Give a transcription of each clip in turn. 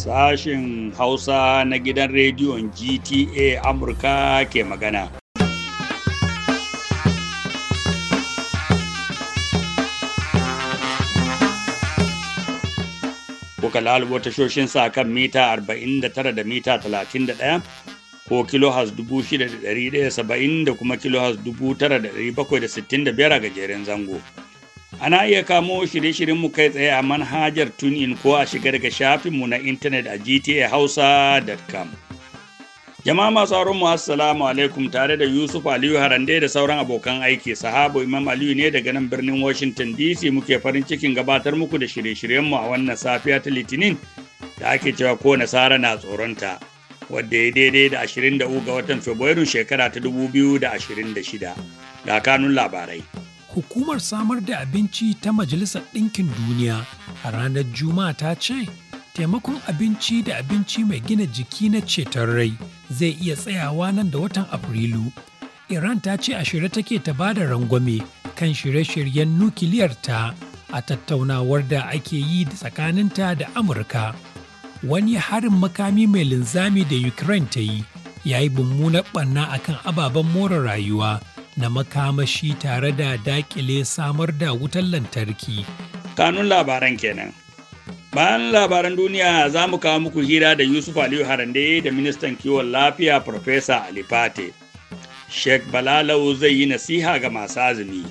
Sashen Hausa na gidan rediyon GTA Amurka ke magana. Kuka lalubo tashoshin sa kan mita 49 da mita 31 ko kilohas 6,170 da kuma kilohas 9,765 a gajeren zango. Ana iya kamo shirye-shiryenmu kai tsaye a manhajar TuneIn ko a shiga daga shafinmu na intanet a gtahausa.com. Jama'a masu mu assalamu alaikum tare da Yusuf Aliyu Harande da sauran abokan aiki sahabo Imam Aliyu ne daga nan birnin Washington DC muke farin cikin gabatar muku da shirye-shiryenmu a wannan safiya ta Litinin da ake cewa ko nasara na tsoronta. wadda ya daidai da 23 ga watan Fabrairu shekara ta da 2026 ga kanun labarai. Hukumar samar da abinci ta Majalisar Ɗinkin Duniya a ranar Juma'a ta ce, taimakon abinci da abinci mai gina jiki na ceton rai zai iya tsayawa nan da watan Afrilu. Iran ta ce a shirye take ta ba da rangwame kan shirye-shiryen nukiliyarta a tattaunawar da ake yi tsakaninta da Amurka. wani harin makami mai linzami da Ukraine ta yi ya yi mummunar ɓanna akan ababen more rayuwa na makamashi tare da dakile samar da wutar lantarki. Kanun labaran kenan. Bayan labaran duniya za mu kawo muku hira da Yusuf Aliyu Harande da ministan kiwon lafiya Farfesa Alifate. Sheikh Balalau zai yi nasiha ga masu azumi.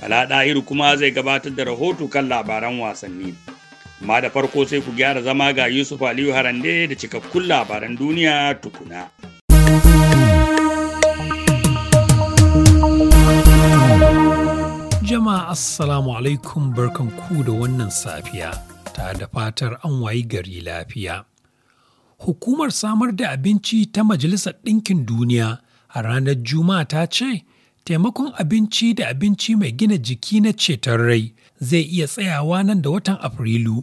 Bala Ɗahiru kuma zai gabatar da rahoto kan labaran wasanni. amma da farko sai ku gyara zama ga Yusuf Aliyu Harande da cikakkun labaran duniya tukuna. Jama'a Assalamu alaikum barkan ku da wannan safiya ta da fatar an wayi gari lafiya. Hukumar samar da abinci ta Majalisar Ɗinkin Duniya a ranar Juma'a ta ce, taimakon abinci da abinci mai gina jiki na ceton rai zai iya tsayawa nan da watan Afrilu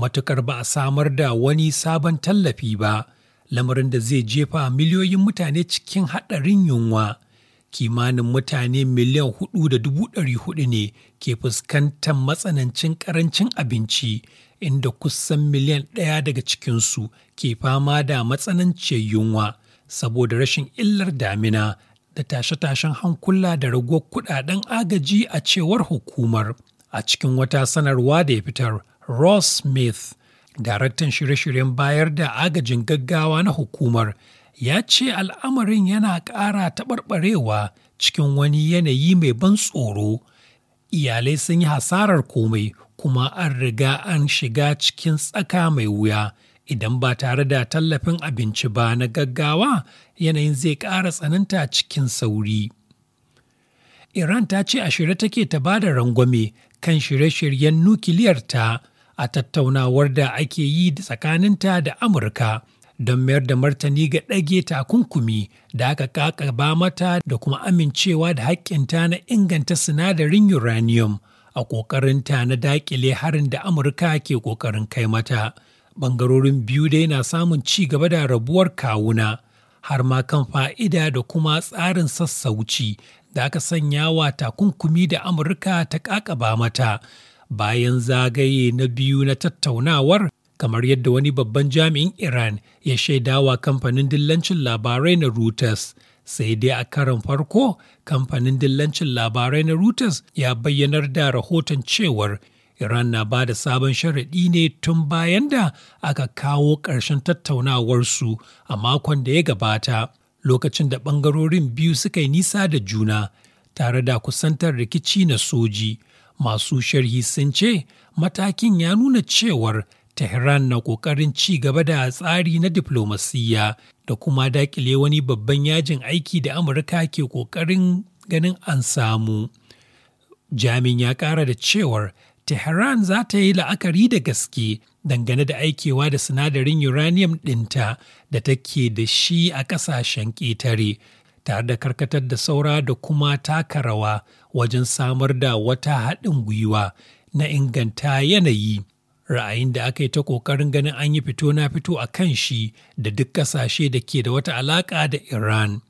matukar ba a samar da wani sabon tallafi ba, lamarin da zai jefa miliyoyin mutane cikin haɗarin yunwa. Kimanin mutane miliyan hudu da dubu ɗari hudu ne ke fuskantar matsanancin ƙarancin abinci, inda kusan miliyan ɗaya daga cikinsu ke fama da matsananciyar yunwa saboda rashin illar damina da tashe-tashen hankula da raguwar kuɗaɗen agaji a cewar hukumar. a cikin wata sanarwa da ya fitar ross smith daraktan shirye-shiryen bayar da agajin gaggawa na hukumar ya ce al'amarin yana ƙara taɓarɓarewa cikin wani yanayi mai ban tsoro iyalai sun yi hasarar komai kuma an riga an shiga cikin tsaka mai wuya idan ba tare da tallafin abinci ba na gaggawa yanayin zai ƙara tsananta cikin sauri iran ta ce a shirye take ta ba da rangwame kan shirye-shiryen nukiliyarta a tattaunawar da ake yi tsakaninta da Amurka don mayar da martani ga ɗage takunkumi da aka ƙaƙaba mata da kuma amincewa da haƙƙinta na inganta sinadarin uranium a ƙoƙarinta na daƙile harin da Amurka ke ƙoƙarin kai mata. Ɓangarorin biyu dai na samun ci gaba da rabuwar kawuna. har ma kan fa'ida da kuma tsarin sassauci da aka sanya wa takunkumi da Amurka ta ƙaƙaba mata bayan zagaye na biyu na tattaunawar kamar yadda wani babban jami'in Iran ya shaidawa kamfanin dillancin labarai na Reuters. sai dai a karon farko kamfanin dillancin labarai na Reuters ya bayyanar da rahoton cewar Iran na ba da sabon sharaɗi ne tun bayan da aka kawo ƙarshen tattaunawarsu a makon da ya gabata. lokacin da ɓangarorin biyu suka yi nisa da juna tare da kusantar rikici na soji masu sharhi sun ce matakin ya nuna cewar tehran na ƙoƙarin ci gaba da tsari na diflomasiyya da kuma daƙile wani babban yajin aiki da amurka ke ƙoƙarin ganin an samu jamin ya ƙara da cewar Tehran za ta yi la'akari da gaske dangane da aikewa da sinadarin uranium ɗinta da take da shi a ƙasashen ƙetare, tare da karkatar da saura da kuma taka rawa wajen samar da wata haɗin gwiwa na inganta yanayi. Ra'ayin da aka yi ta ƙoƙarin ganin an yi fito na fito a kan shi da duk ƙasashe da ke da wata alaƙa da Iran.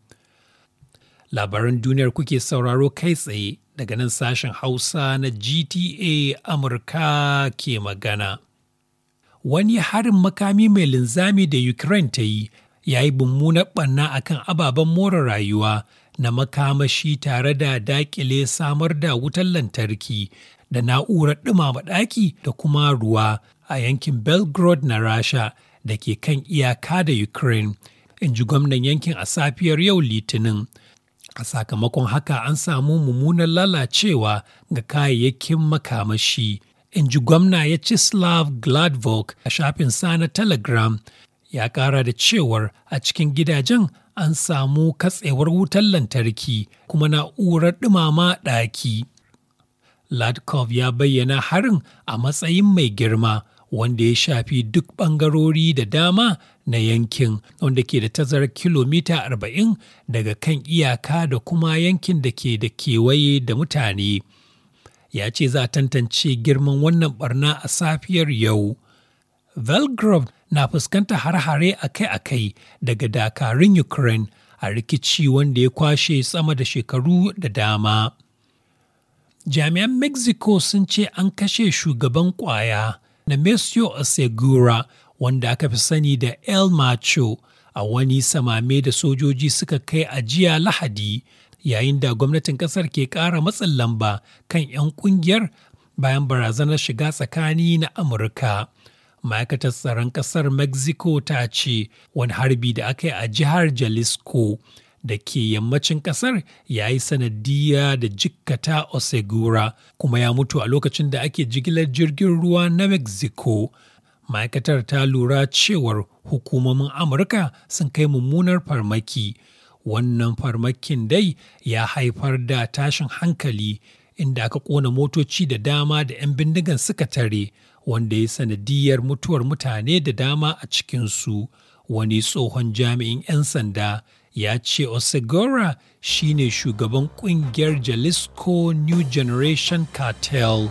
Labaran duniyar kuke sauraro kai tsaye daga nan sashen Hausa na GTA Amurka ke magana. Wani harin makami mai linzami da Ukraine ta yi ya yi mummunar ɓanna a kan ababen more rayuwa na makamashi tare da dakile samar da wutar lantarki da na'urar ɗumama ɗaki da kuma ruwa a yankin Belgrade na Rasha da ke kan iyaka da Ukraine, in ji gwamnan yankin a safiyar yau Litinin. a sakamakon haka an samu mummunan lalacewa ga kayayyakin makamashi in ji gwamna ya ci Slav gladvok a shafin sa na telegram ya kara da cewar a cikin gidajen an samu katsewar wutar lantarki kuma na'urar ɗumama ɗaki Latkov ya bayyana harin a matsayin mai girma wanda ya shafi duk ɓangarori da dama na yankin wanda ke da tazarar kilomita arba'in daga kan iyaka da kuma yankin da ke da kewaye da mutane. Ya ce za a tantance girman wannan barna a safiyar yau. Velgrove na fuskanta har-hare akai-akai daga dakarun Ukraine a rikici wanda ya kwashe sama da shekaru da dama. Jami'an Mexico sun ce an kashe shugaban kwaya na Mesio asegura wanda aka fi sani da El Macho a wani samame da sojoji suka kai a jiya Lahadi yayin da gwamnatin kasar ke kara matsin lamba kan 'yan kungiyar bayan barazanar shiga tsakani na Amurka. Ma'aikatar tsaron kasar Mexico ta ce wani harbi da aka yi a jihar Jalisco da ke yammacin kasar ya yi sanadiyya da jikkata Osegura kuma ya mutu a lokacin da ake jigilar jirgin ruwa na Mexico. ma'aikatar ta lura cewar hukumomin amurka sun kai mummunar farmaki wannan farmakin dai ya haifar da tashin hankali inda aka kona motoci da dama da 'yan bindigan suka tare wanda ya sanadiyar mutuwar mutane da dama a cikinsu wani tsohon jami'in 'yan sanda ya ce osegora shine shugaban kungiyar jalisco new generation cartel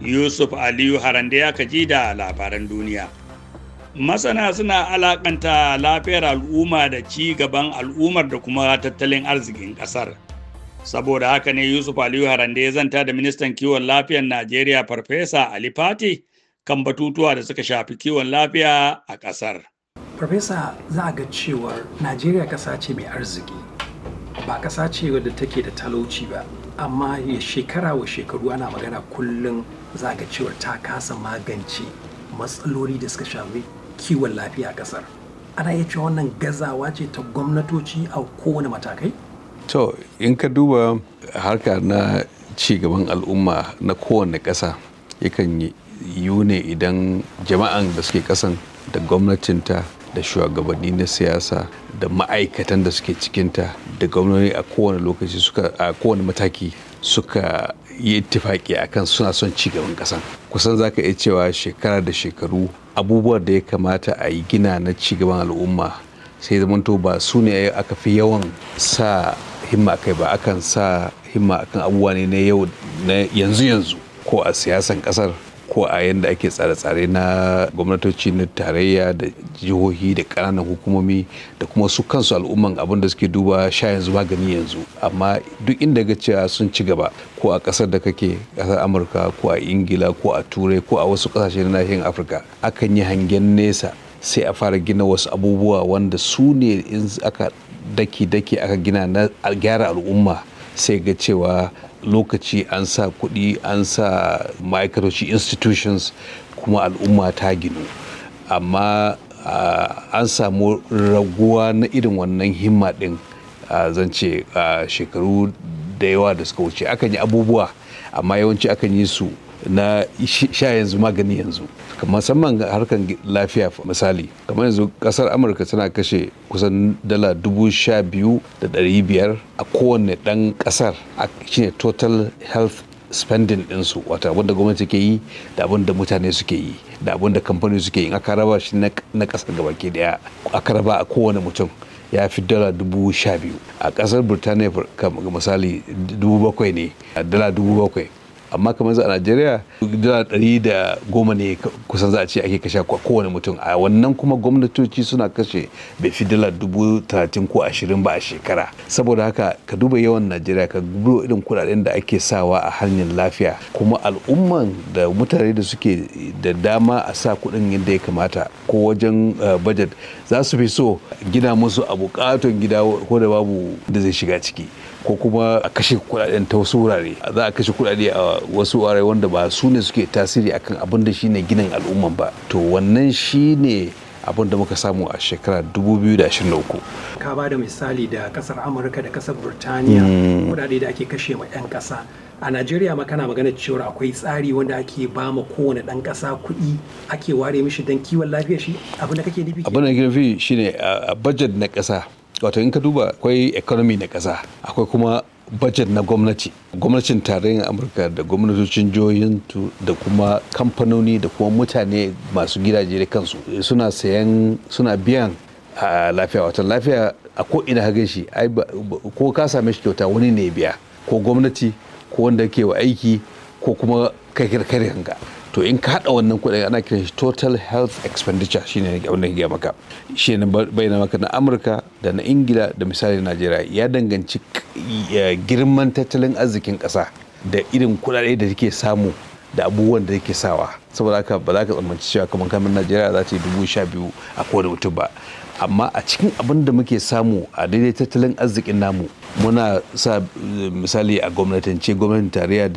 Yusuf Aliyu Harande ya kaji da labaran duniya. Masana suna alakanta lafiyar al'umma da ci gaban al'ummar da kuma tattalin arzikin ƙasar. Saboda haka ne Yusuf Aliyu Harande ya zanta da ministan kiwon lafiyar Najeriya Farfesa Ali Fati kan batutuwa da suka shafi kiwon lafiya a ƙasar. Farfesa za a ga cewar Najeriya ƙasa ce mai arziki ba ƙasa ce wadda take da talauci ba. amma ya shekara wa shekaru ana magana kullum za ga cewar ta kasa magance matsaloli da suka shafi kiwon lafiya a kasar ana iya cewa wannan gazawa ce ta gwamnatoci a kowane matakai to in ka duba harka na cigaban al'umma na kowane ƙasa yakan yi ne idan jama'an da suke ƙasan da gwamnatinta da shugabanni na siyasa da ma'aikatan da suke cikinta da gwamnati a kowane lokaci suka a kowane mataki suka yi ittifaki akan suna son ci gaban kasan kusan zaka iya cewa shekara da shekaru abubuwan da ya kamata a yi gina na cigaban al'umma sai zamanto ba su ne aka fi yawan sa himma kai ba akan sa himma akan abubuwa ne na yau na yanzu yanzu ko a siyasan kasar ko a yadda ake tsare-tsare na gwamnatoci na tarayya da jihohi da ƙananan hukumomi da kuma su kansu al'umman abin da suke duba sha yanzu magani yanzu amma duk inda ga cewa sun ci gaba ko a ƙasar da kake ƙasar amurka ko a ingila ko a turai ko a wasu ƙasashe na nahiyar afirka akan yi hangen nesa sai a fara gina wasu abubuwa wanda su ne in aka daki-daki aka gina na gyara al'umma sai ga cewa lokaci an sa kuɗi an sa ma'aikatoci institutions kuma al'umma ta ginu amma an samu raguwa na irin wannan himma ɗin zan ce shekaru da yawa da suka wuce akan yi abubuwa amma yawanci akan yi su na sha yanzu magani yanzu musamman harkar lafiya misali kamar yanzu kasar amurka tana kashe kusan dala dubu sha biyu da dari biyar a kowane ɗan ƙasar shine total health spending dinsu wata abin da gwamnati ke yi da abin da mutane suke yi da abin da kamfani suke yi aka raba shi na ƙasar gaba ke daya aka raba a kowane mutum ya fi dala dubu sha biyu a ƙasar burtaniya misali dubu bakwai ne dala dubu bakwai amma kamar yanzu a najeriya dala ɗari da goma ne kusan za a ce ake kashe kowane mutum a wannan kuma gwamnatoci suna kashe bai fi dala dubu talatin ko ashirin ba a shekara saboda haka ka duba yawan najeriya ka gudu irin kudaden da ake sawa a hanyar lafiya kuma al'umman da mutane da suke da dama a sa kuɗin yadda ya kamata ko wajen eh, budget za su fi so gina musu a bukatun gida ko da babu da zai shiga ciki ko kuma a kashe kuɗaɗen ta wasu wurare za a kashe kuɗaɗe a wasu wurare wanda ba su ne suke tasiri akan abin da shine ginin al'umman ba to wannan shine abin da muka samu a shekara 2023 ka ba da misali da kasar amurka da kasar burtaniya mm. kudade da ake kashe ma 'yan kasa a najeriya ma kana magana cewa akwai tsari wanda ake ba ma kowane ɗan ƙasa kuɗi ake ware mishi don kiwon lafiya shi abin da kake nufi abin da kake nufi shine a budget na ƙasa wato in ka duba akwai economy na ƙasa akwai kuma budget na gwamnati gwamnatin tarayyar amurka da gwamnatocin jihohintu da kuma kamfanoni da kuma mutane masu gidaje da kansu suna sayan suna biyan a lafiya watan lafiya a ko ina hagan shi ko ka same shi kyauta wani ne biya ko gwamnati ko wanda ke wa aiki ko kuma kai kirkare kanka to in ka hada wannan kuɗin ana kiran shi total health expenditure shine abin da ke maka shine bayyana maka na amurka da na ingila da misali najeriya ya danganci girman tattalin arzikin kasa da irin kuɗaɗe da take samu da abubuwan da yake sawa saboda haka ba za ka tsammanci cewa kamar kamar najeriya za ta yi dubu sha biyu a kowane mutum ba amma a cikin abin da muke samu a daidai tattalin arzikin namu muna sa misali a gwamnatance gwamnatin tarayya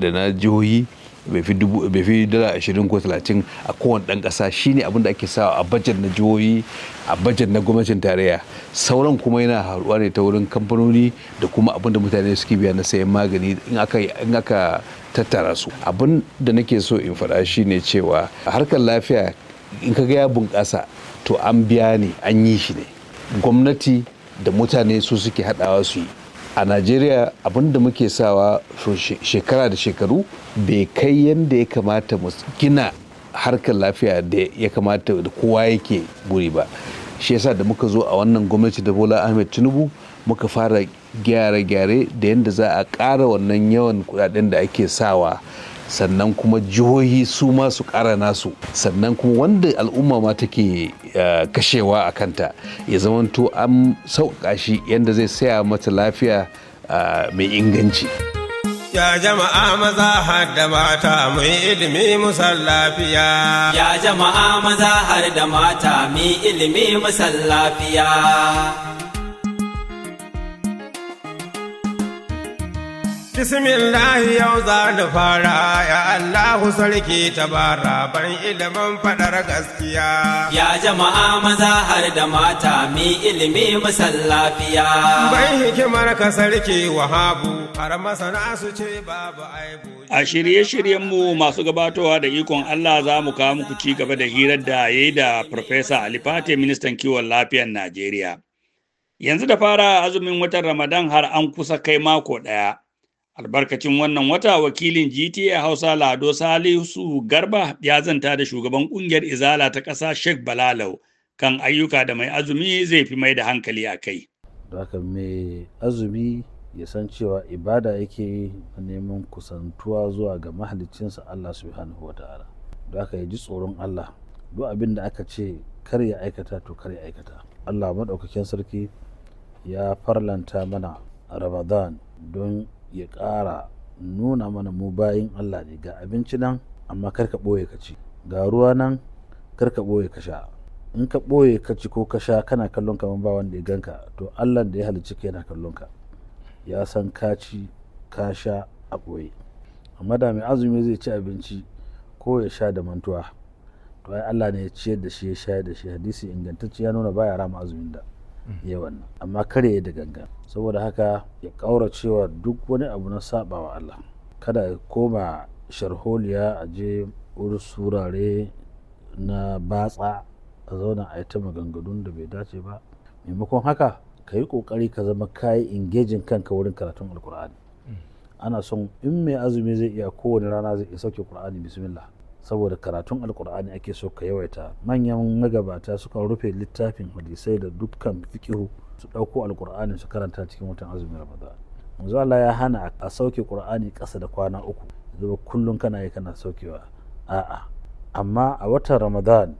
da na jihohi bai fi dala ashirin ko talatin a kowane ɗan ƙasa shine abin da ake sawa a bajet na jihohi a bajet na gwamnatin tarayya sauran kuma yana haruwa ne ta wurin kamfanoni da kuma abin da mutane suke biya na sayan magani in aka in aka tattara su abin da nake so in faɗa shine cewa harkar lafiya in ka ga ya bunƙasa to an biya ne an yi shi ne gwamnati da mutane su suke haɗawa su yi a najeriya abin da muke sawa shekara da shekaru bai kai yadda ya kamata mu gina harkar lafiya da ya kamata da kowa yake buri ba shi yasa da muka zo a wannan gwamnati da bola ahmed tinubu muka fara gyare-gyare da yadda za a ƙara wannan yawan kudaden da ake sawa sannan kuma jihohi su ma su ƙara nasu sannan kuma wanda al'umma ma take eh, kashewa a kanta ya zamanto an sauƙa shi yadda zai saya mata lafiya eh, mai inganci. Ya jama'a maza har da mata mu yi ilimi mu lafiya. Ya jama'a maza har da mata mu yi ilimi mu Bismillahi yau za da fara ya Allahu sarki tabara ban ilimin fadar gaskiya. Ya jama'a maza har da mata mi ilimi masallafiya. Ban hikimar ka sarki wahabu har masana su ce babu aibu. A shirye-shiryenmu masu gabatowa da ikon Allah za mu kawo muku ci gaba da hirar da ya yi da Farfesa Ali ministan kiwon lafiyar Najeriya. Yanzu da fara azumin watan Ramadan har an kusa kai mako ɗaya. albarkacin wannan wata wakilin gta hausa lado salisu garba ya zanta da shugaban kungiyar izala ta ƙasa sheikh balalau kan ayyuka da mai azumi zai fi mai da hankali a kai haka mai azumi ya san cewa ibada yake neman kusantuwa zuwa ga mahalicinsa allah subhanahu wa ta'ala da haka ya ji tsoron allah duk abin da aka ce kar ya aikata to kar ya aikata allah maɗaukakin sarki ya farlanta mana ramadan don ya ƙara nuna mana mu bayin Allah ne ga abinci nan amma kar ka ɓoye ka ci ga ruwa nan kar ka ɓoye ka sha in ka ɓoye ka ci ko ka sha kana kallon ka ba wanda ya ganka to Allah da ya halicci ka yana kallon ka ya san ka ci ka sha a ɓoye amma da mai azumi zai ci abinci ko ya sha da mantuwa to ai Allah ne ya ciyar da shi ya sha da shi hadisi ingantacce ya nuna baya rama azumin da ya wannan amma kare ya da ganga saboda haka ya ƙaura cewa duk wani abu na sabawa Allah kada ya koma sharholiya a je wurin surare na batsa a zauna a yi ta maganganun da bai dace ba maimakon haka ka yi ƙoƙari ka zama kayi ingejin kanka wurin karatun alkur'ani mm. ana son in mai azumi zai iya kowane rana zai iya sauke kur'ani bismillah saboda karatun alkur'ani ake so ka yawaita manyan magabata suka rufe littafin hadisai da dukkan fikihu su ɗauko alkur'ani su karanta cikin watan azumi ramadan yanzu Allah ya hana a sauke qur'ani ƙasa da kwana uku zuba kullum kana yi kana saukewa a'a amma a watan ramadan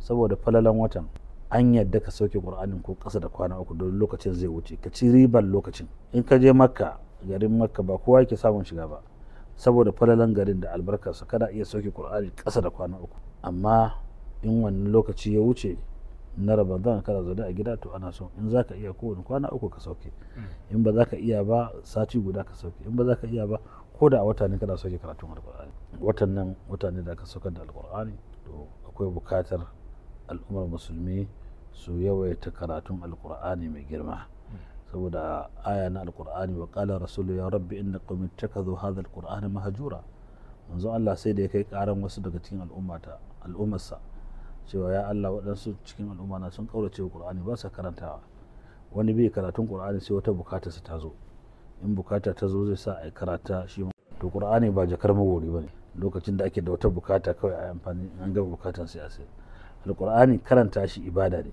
saboda falalan watan an yadda ka sauke qur'anin ko ƙasa da kwana uku don lokacin zai wuce ka ci ribar lokacin in ka je makka garin makka ba kowa yake samun shiga ba saboda falalan garin da albarkarsa kada iya sauke qur'ani kasa da kwana uku amma in wani lokaci ya wuce na ramadan kana zaune a gida to ana so in za ka iya kowane kwana uku ka sauke hmm. in ba za ka iya ba sati guda ka sauke in ba za ka iya ba ko da a wata ne kana sauke karatun alkur'ani watan nan wata ne da aka saukar da alkur'ani to akwai bukatar al'ummar musulmi su yawaita karatun alkur'ani mai girma saboda aya na alkur'ani wa qala rasulu ya rabbi inna qawmi ittakhadhu hadha alqur'ana mahjura manzo Allah sai da ya kai karan wasu daga cikin al'ummata al'ummarsa cewa ya Allah waɗansu cikin al'umma na sun kaurace qur'ani ba sa karantawa wani bai karatun qur'ani sai wata bukata ta zo in bukata ta zo zai sa a karata shi to qur'ani ba jakar magori bane lokacin da ake da wata bukata kawai a amfani an gaba bukatan sai a sai alqur'ani karanta shi ibada ne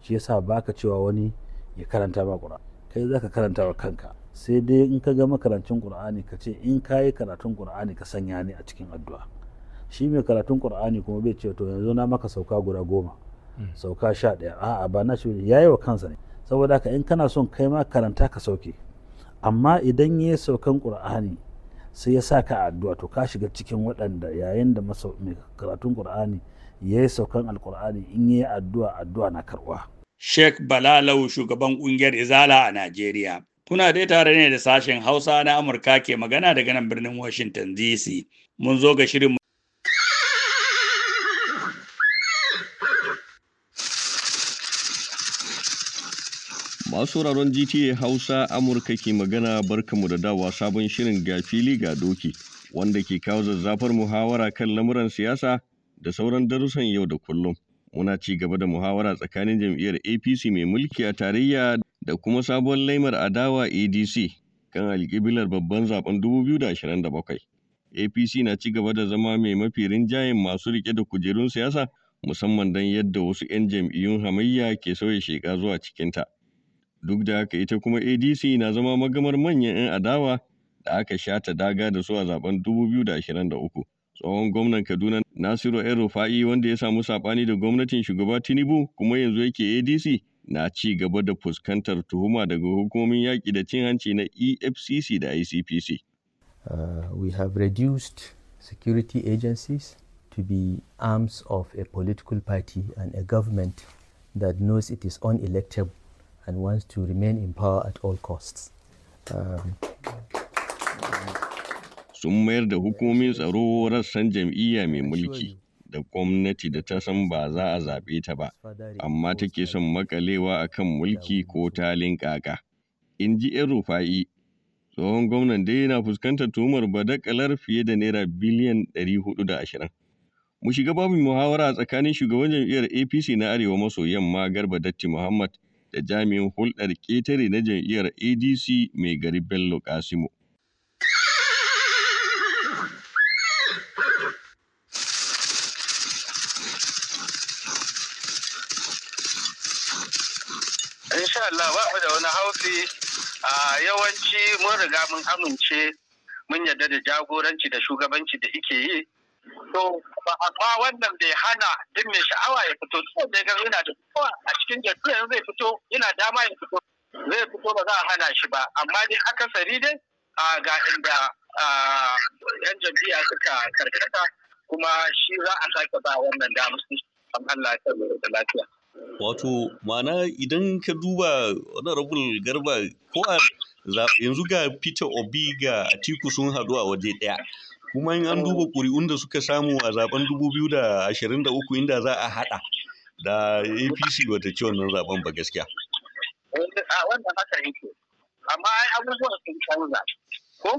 shi yasa baka cewa wani ya karanta ma ƙura kai za ka karanta wa kanka sai dai in ka ga makarancin ƙura'ani ka ce in ka yi karatun ƙura'ani ka sanya ni a cikin addu'a shi mai karatun ƙur'ani kuma bai ce to yanzu na maka sauka guda goma hmm. sauka sha ɗaya a'a ba na shi ya yi wa kansa ne saboda haka in kana son kai ma karanta ka sauke amma idan ya yi saukan ƙur'ani sai ya sa ka addu'a to ka shiga cikin waɗanda yayin da mai karatun ƙur'ani ya yi saukan alƙur'ani in ya yi addu'a addu'a na karɓa Sheikh Balalau shugaban ƙungiyar Izala a Najeriya. Kuna dai tare ne da sashen Hausa na Amurka ke magana daga nan birnin Washington DC. Mun zo ga shirin Masu sauraron GTA Hausa Amurka ke magana barkamu da dawa sabon shirin ga fili ga doki wanda ke kawo zazzafar muhawara kan lamuran siyasa da sauran darussan yau da kullum. muna ci gaba da muhawara tsakanin jam'iyyar apc mai mulki a tarayya da kuma sabuwar laimar adawa adc kan alƙiblar babban zaben 2027 apc na ci gaba da zama mai mafi rinjayen masu rike da kujerun siyasa musamman don yadda wasu 'yan jam'iyyun hamayya ke sauya sheka zuwa cikinta duk da haka ita kuma adc na zama magamar manyan 'yan adawa da aka shata daga da su a zaben 2023 tsohon gwamnan Kaduna Nasiru El Rufa'i wanda ya samu sabani da gwamnatin shugaba Tinubu kuma yanzu yake ADC na ci gaba da fuskantar tuhuma daga hukumomin yaƙi da cin hanci na EFCC da ICPC. Uh, we have reduced security agencies to be arms of a political party and a government that knows it is unelectable and wants to remain in power at all costs. Um, sun mayar da hukumomin tsaro rassan jam'iyya mai mulki da gwamnati da ta san ba za a zaɓe ta ba, amma take son makalewa a kan mulki ko talin ƙaƙa. In ji ‘yan rufa'i, tsohon gwamnan dai yana fuskantar tuhumar badakalar fiye da naira biliyan 420. Mu shiga babu muhawara tsakanin shugaban jam'iyyar APC na Arewa maso yamma Garba Datti Muhammad da jami'in hulɗar ƙetare na jam'iyyar ADC mai gari Bello Kasimo. na hausi yawanci mun riga mun amince mun yarda da jagoranci da shugabanci da ike yi to ba amma wannan bai hana duk mai sha'awa ya fito tsohon da ga yana da kowa a cikin jaddu yanzu zai fito yana dama ya fito zai fito ba za a hana shi ba amma dai akasari dai ga inda yan jam'iyya suka karkata kuma shi za a sake ba wannan damar su Allah ya da lafiya Wato ma'ana idan ka duba Honorable Garba ko a yanzu ga Peter Obi ga Atiku sun haɗu a waje ɗaya. Kuma in an duba ƙuri'un da suka samu a zaben 2023 inda za a haɗa da APC bata ci wannan zaben ba gaskiya. Eh, wannan haka yake, amma ai abubuwan sun canza. Ko?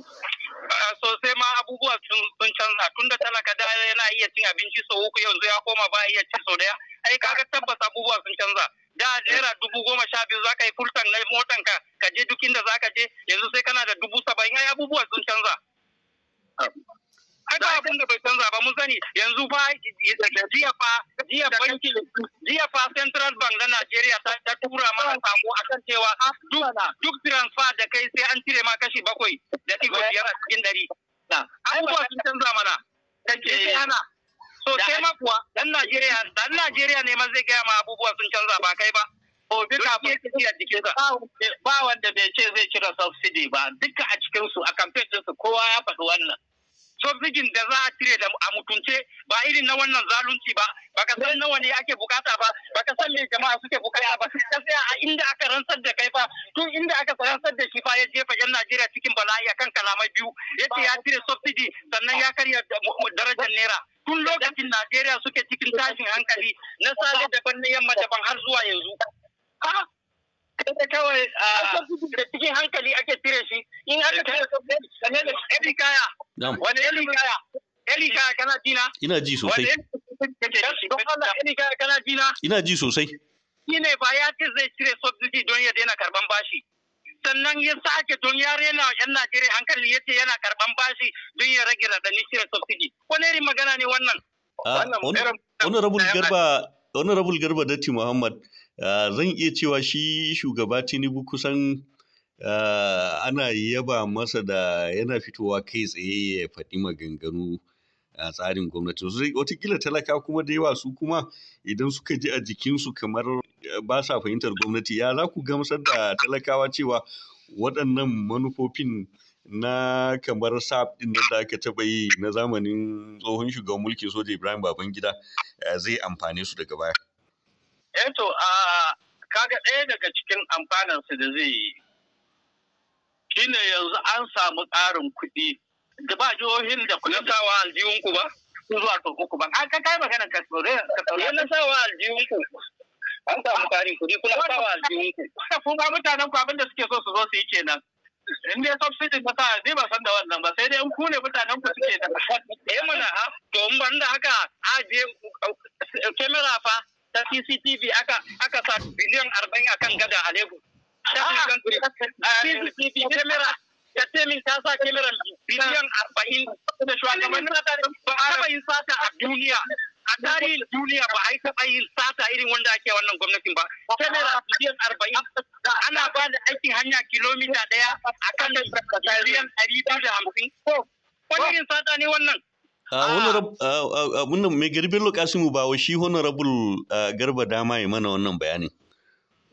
Ah, sosai ma abubuwa sun canza tunda talaka da yana iya cin abinci sau uku yanzu ya koma ba iya ci sau daya ai kaga tabbas abubuwa sun canza da naira dubu goma sha biyu za ka yi furtan na motan ka ka je duk inda za ka je yanzu sai kana da dubu saba'in ai abubuwa sun canza ai ba abin da bai canza ba mun sani yanzu fa jiya fa jiya bankin jiya fa Central Bank na Najeriya ta, ta tura mana samu kan cewa duk transfer da kai sai an cire ma kashi bakwai da tigo biyar a cikin dari. Abubuwa sun canza mana. Kake ana. So sai ma kuwa dan Najeriya dan Najeriya ne ma zai gaya ma abubuwa sun canza ba kai ba. O duka ba ya jikinsa. Ba wanda bai ce zai cire subsidy ba duka a cikinsu a kamfen su kowa ya faɗi wannan. subsidin da za a cire da a mutunce ba irin na wannan zalunci ba baka san nawa ne ake bukata ba baka san me jama'a suke bukata ba sai a inda aka rantsar da kai fa tun inda aka rantsar da shi fa ya jefa yan Najeriya cikin bala'i akan kalamai biyu yace ya cire subsidi sannan ya karya darajar naira tun lokacin Najeriya suke cikin tashin hankali na sale daban na yamma daban har zuwa yanzu kada kawai ah, da cikin hankali ake cire shi in ina ji sosai ina ji sosai shi ba ya ce zai cire subsidy don ya daina karban bashi sannan ya sake don ya rena yan Najeriya hankali ya ce yana karban bashi don ya rage raɗanin cire wani irin magana ne wannan ah, garba garba datti muhammad Ah, zan iya cewa shi shugaba tinubu kusan ah, ana yaba masa da yana fitowa kai tsaye ya faɗi maganganu a tsarin gwamnati watakila talaka kuma da yawa su kuma idan suka ji a jikinsu kamar eh, ba sa fahimtar gwamnati ya za ku gamsar da talakawa cewa waɗannan manufofin na kamar sap din da aka taɓa yi na zamanin tsohon shugaban mulkin soja ibrahim babangida eh, zai amfane su daga baya Eto, eh a kaga ɗaya daga cikin amfanarsa da zai yi Shi ne yanzu an samu ƙarin kuɗi da ba jihohin da kuna sawa aljihunku ba ku zuwa to ku ba an kakai maganar ka tsore ka tsore eh, yana sawa aljihunku an samu ƙarin kuɗi kuna sawa aljihunku da kun ga mutanen ku abinda suke so su zo su yi kenan in dai subsidy ta sa ni ba san da wannan ba sai dai in ku ne mutanen ku suke da eh mana to in ban da haka ajiye kamera eh, fa ta CCTV aka aka sa biliyan arba'in akan gada a Lagos. Ah, CCTV kamera ta ce min ta sa kamera biliyan arba'in da shugabannin ba a taɓa yin sata a duniya a tarihin duniya ba a yi taɓa yin sata irin wanda ake wannan gwamnatin ba. Kamera biliyan arba'in ana ba da aikin hanya kilomita ɗaya a kan biliyan ɗari biyu da hamsin. Wani yin sata ne wannan? Ah, ah. Ah, wannan mai garbin Lukasimu ba wa shi honorable garba dama ya mana wannan bayanin.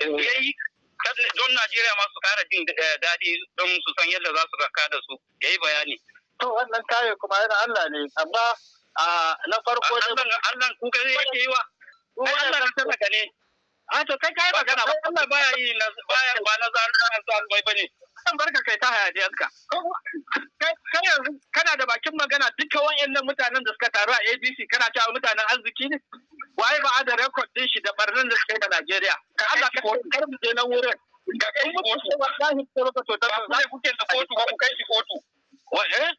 don Najeriya masu kara jin eh, daɗi don su san yadda za su kaka da su ya yi bayani. To wannan kare kuma yana Allah ne amma na farko ne. Allah kuka zai yake yi wa. Allah na talaka ne. A to kai kai magana ba Allah baya yi ba na baya ba na zaru bai bane. Kan barka kai ta hayajiyarka. Kai yanzu kana da bakin magana duka wayannan mutanen da suka taru a ABC kana cewa mutanen arziki ne. Waye ba a da record din shi da barnan da suka yi da Najeriya. Ka Allah ka kar mu je nan wurin. ka kai kotu. Wallahi sai baka to da kuke da kotu ba ku kai shi kotu. Wa eh?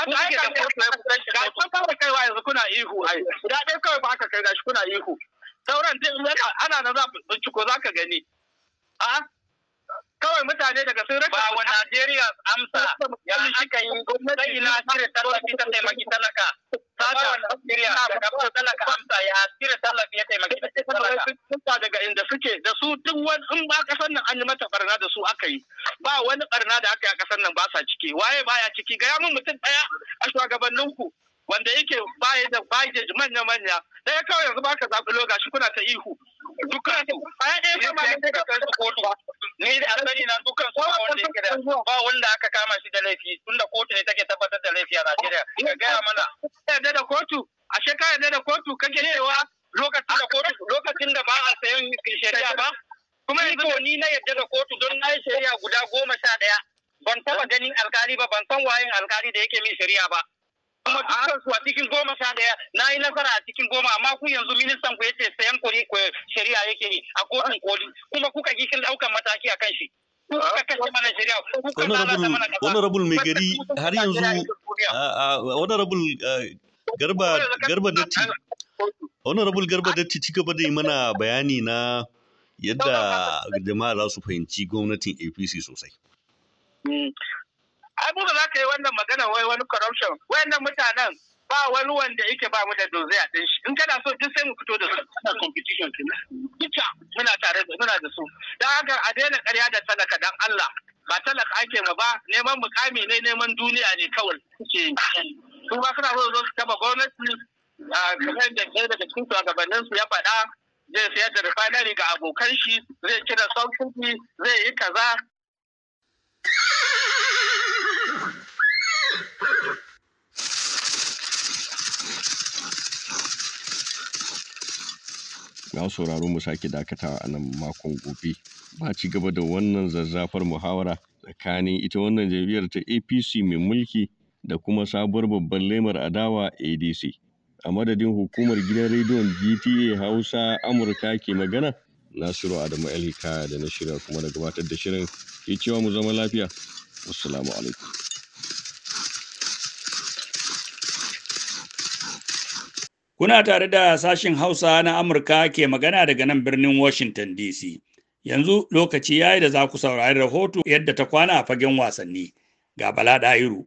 an aika da kuma kai wa yanzu kuna ihu ai guda ɗaya kawai ba aka kai gashi kuna ihu sauran zaka ana na za sun ciko zaka gani a kawai mutane daga sun Ba wa Najeriya amsa ya aka yi sai ina cire tallafi ta taimaki talaka sata Najeriya daga ba talaka amsa ya cire tallafi ya taimaki talaka daga inda suke da su duk wani in ba kasar nan an yi mata barna da su aka yi ba wani barna da aka yi a kasar nan ba sa ciki waye baya ciki Gaya mun mutum ɗaya a shugabanninku wanda yake baya da baggage manya manya ɗaya kawai yanzu baka zaɓi lokaci, shi kuna ta ihu dukkan su ya ɗaya kama ne da kan su kotu ni da asali na dukkan su ba wanda yake da ba wanda aka kama shi da laifi tunda kotu ne take tabbatar da laifi a Najeriya ga gaya mana yadda da kotu ashe ka yadda da kotu kake cewa lokacin da kotu lokacin da ba a sayan shari'a ba kuma yanzu ni na yadda da kotu don na yi shari'a guda goma sha ɗaya ban taba ganin alkali ba ban san wayin alkali da yake min shari'a ba kuma dukkan su a cikin goma sha daya na yi nasara a cikin goma amma ku yanzu ministan ku yace sayan kuri shari'a yake yi a kotun koli kuma kuka yi kin daukan mataki a kan shi honorable mai gari har yanzu honorable eh, garba garba datti honorable garba datti ci gaba da yi mana bayani na yadda jama'a za su fahimci gwamnatin apc sosai hmm. ai ba za ka yi wannan magana wai wani corruption wayannan mutanen ba wani wanda yake ba mu da doze a ɗin shi in kana so duk sai mu fito da su ana competition duka muna tare da muna da su dan haka a daina ƙarya da talaka dan Allah ba talaka ake ma ba neman mukami ne neman duniya ne kawai suke su ba suna so zo su taba gwamnati kamar da kai daga cikin shugabannin su ya faɗa zai sayar da refinery ga abokan shi zai kira subsidy zai yi kaza ga sauraro mu sake dakatawa a nan makon gobe ba ci gaba da wannan zazzafar muhawara tsakanin ita wannan jam'iyyar ta apc mai mulki da kuma sabuwar babban lemar adawa adc a madadin hukumar gidan rediyon gta hausa amurka ke magana Nasiru Adamu Elhika da na shirya kuma da gabatar da shirin ke cewa mu zama lafiya. Assalamu alaikum. Kuna tare da sashin Hausa na Amurka ke magana daga nan birnin Washington DC. Yanzu lokaci yayi da za ku saurari rahoto yadda ta kwana a fagen wasanni. Ga Bala iru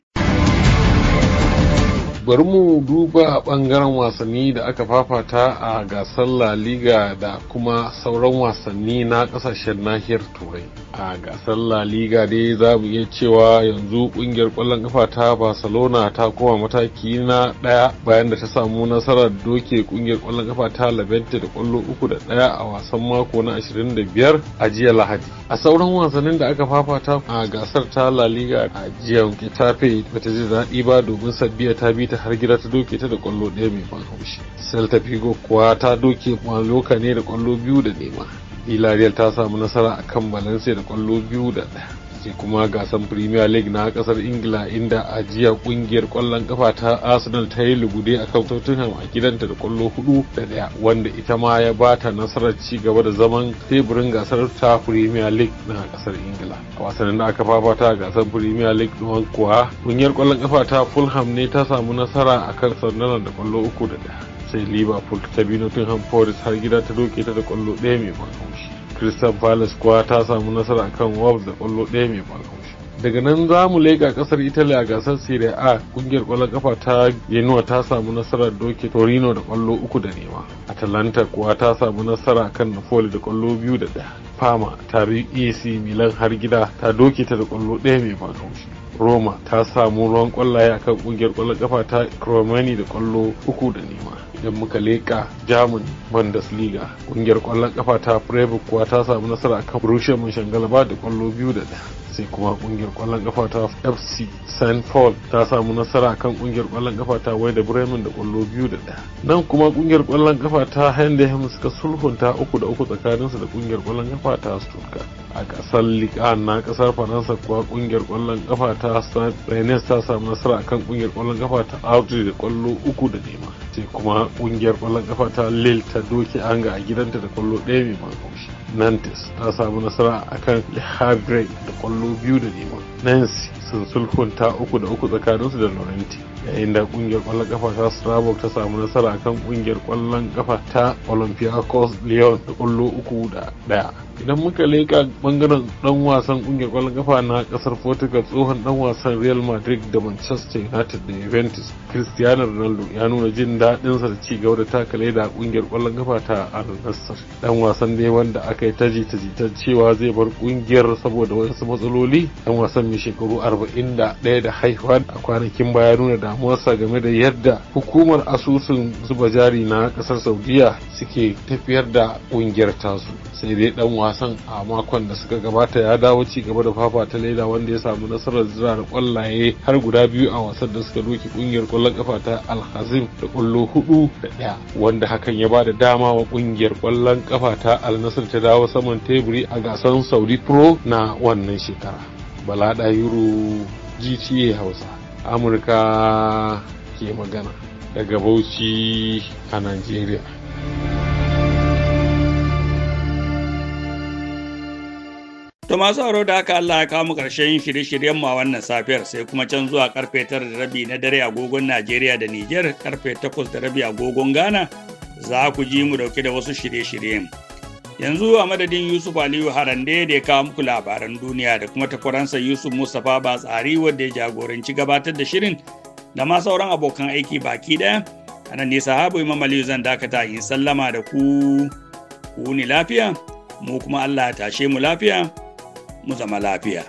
bari mu duba bangaren wasanni da aka fafata a gasar la liga da kuma sauran wasanni na kasashen nahiyar turai a gasar la liga dai za mu iya cewa yanzu ƙungiyar kwallon ƙafa ta barcelona ta koma mataki na ɗaya bayan da ta samu nasarar doke ƙungiyar kwallon kafa ta labente da kwallo uku da ɗaya a wasan mako na 25 a jiya lahadi a sauran wasannin da aka fafata a gasar ta la liga a jiya getafe bata ji daɗi ba domin sabbiya ta bi ita har gida ta doke ta da kwallo ɗaya mai ban haushi celta figo kuwa ta doke maloka ne da kwallo biyu da nema villarreal ta samu nasara akan valencia da kwallo biyu da ɗaya sai kuma gasan premier league na kasar ingila inda a jiya kungiyar kwallon kafa ta arsenal ta yi lugude a kan tottenham a gidanta da kwallo hudu da daya wanda ita ma ya bata nasarar ci gaba da zaman teburin gasar ta premier league na kasar ingila a wasannin da aka fafata a gasar premier league don kuwa kungiyar kwallon kafa ta fulham ne ta samu nasara a kan sandanar da kwallo uku da daya sai liverpool ta bi nottingham forest har gida ta doke ta da kwallo ɗaya mai ban haushi crystal palace kuwa ta samu nasara kan wolves da kwallo ɗaya mai balaushi daga nan za mu leƙa ƙasar italy a gasar serie a ƙungiyar kwallon kafa ta genoa ta samu nasarar doke torino da kwallo uku da nema atalanta kuwa ta samu nasara kan napoli da kwallo biyu da ɗaya fama ta bi ac milan har gida ta doke ta da kwallo ɗaya mai bakanshi roma ta samu ruwan kwallaye akan ƙungiyar kwallon kafa ta cromani da kwallo uku da nema idan muka leƙa German Bundesliga ƙungiyar ƙwallon kafa ta Freiburg kuwa ta samu nasara akan Borussia Mönchengladbach da ƙwallo biyu da ɗaya sai kuma ƙungiyar ƙwallon kafa ta FC St. Paul ta samu nasara akan ƙungiyar ƙwallon kafa ta da Bremen da ƙwallo biyu da ɗaya nan kuma ƙungiyar ƙwallon kafa ta Heidenheim suka sulhunta uku da uku tsakaninsu da ƙungiyar ƙwallon kafa ta Stuttgart a ƙasar Liga na ƙasar Faransa kuwa ƙungiyar ƙwallon kafa ta Stade Rennes ta samu nasara akan ƙungiyar ƙwallon kafa ta audrey da ƙwallo uku da nema sai kuma kungiyar kwallon kafa ta lille ta doke anga a gidanta da kwallo ɗaya mai makamshi nantes ta samu nasara akan le havre da kwallo biyu da neman nancy sun sulhunta uku da uku tsakaninsu da laurenti yayin da kungiyar kwallon kafa ta strasbourg ta samu nasara kan kungiyar kwallon kafa ta olympiacos lyon da kwallo uku da daya idan muka leka bangaren dan wasan kungiyar kwallon kafa na kasar portugal tsohon dan wasan real madrid da manchester united da juventus cristiano ronaldo ya nuna jin daɗinsa da ci gaba da takale da kungiyar kwallon kafa ta al nassr dan wasan ne wanda aka yi taji ta cewa zai bar kungiyar saboda wasu matsaloli dan wasan mai shekaru 41 da haihuwa a kwanakin baya nuna da damuwarsa game da yadda hukumar asusun zuba jari na kasar saudiya suke tafiyar da kungiyar tasu sai dai dan wasan a makon da suka gabata ya dawo ci gaba da ta leda wanda ya samu nasarar zira da kwallaye har guda biyu a wasan da suka doki kungiyar kwallon kafa ta alhazim da kwallo hudu da daya wanda hakan ya bada dama wa kungiyar kwallon kafa ta alnasar ta dawo saman teburi a gasar saudi pro na wannan shekara bala yuro gta hausa amurka ke magana daga bauchi a nigeria To masu haro da aka Allah ya kamu karshen shirye-shiryen ma wannan safiyar sai kuma can zuwa karfe tara da rabi na dare agogon Najeriya da Nijar karfe takwas da rabi agogon Ghana za ku ji mu dauke da wasu shirye-shiryen. yanzu a madadin yusuf aliyu harande da ya kawo muku labaran duniya da kuma takwaransa yusuf mustapha batsari wanda ya jagoranci gabatar da shirin da ma sauran abokan aiki baki ɗaya a nan nesa habu imam aliyu zan dakata in sallama da ku ku ni lafiya mu kuma allah ya tashe mu lafiya mu zama lafiya.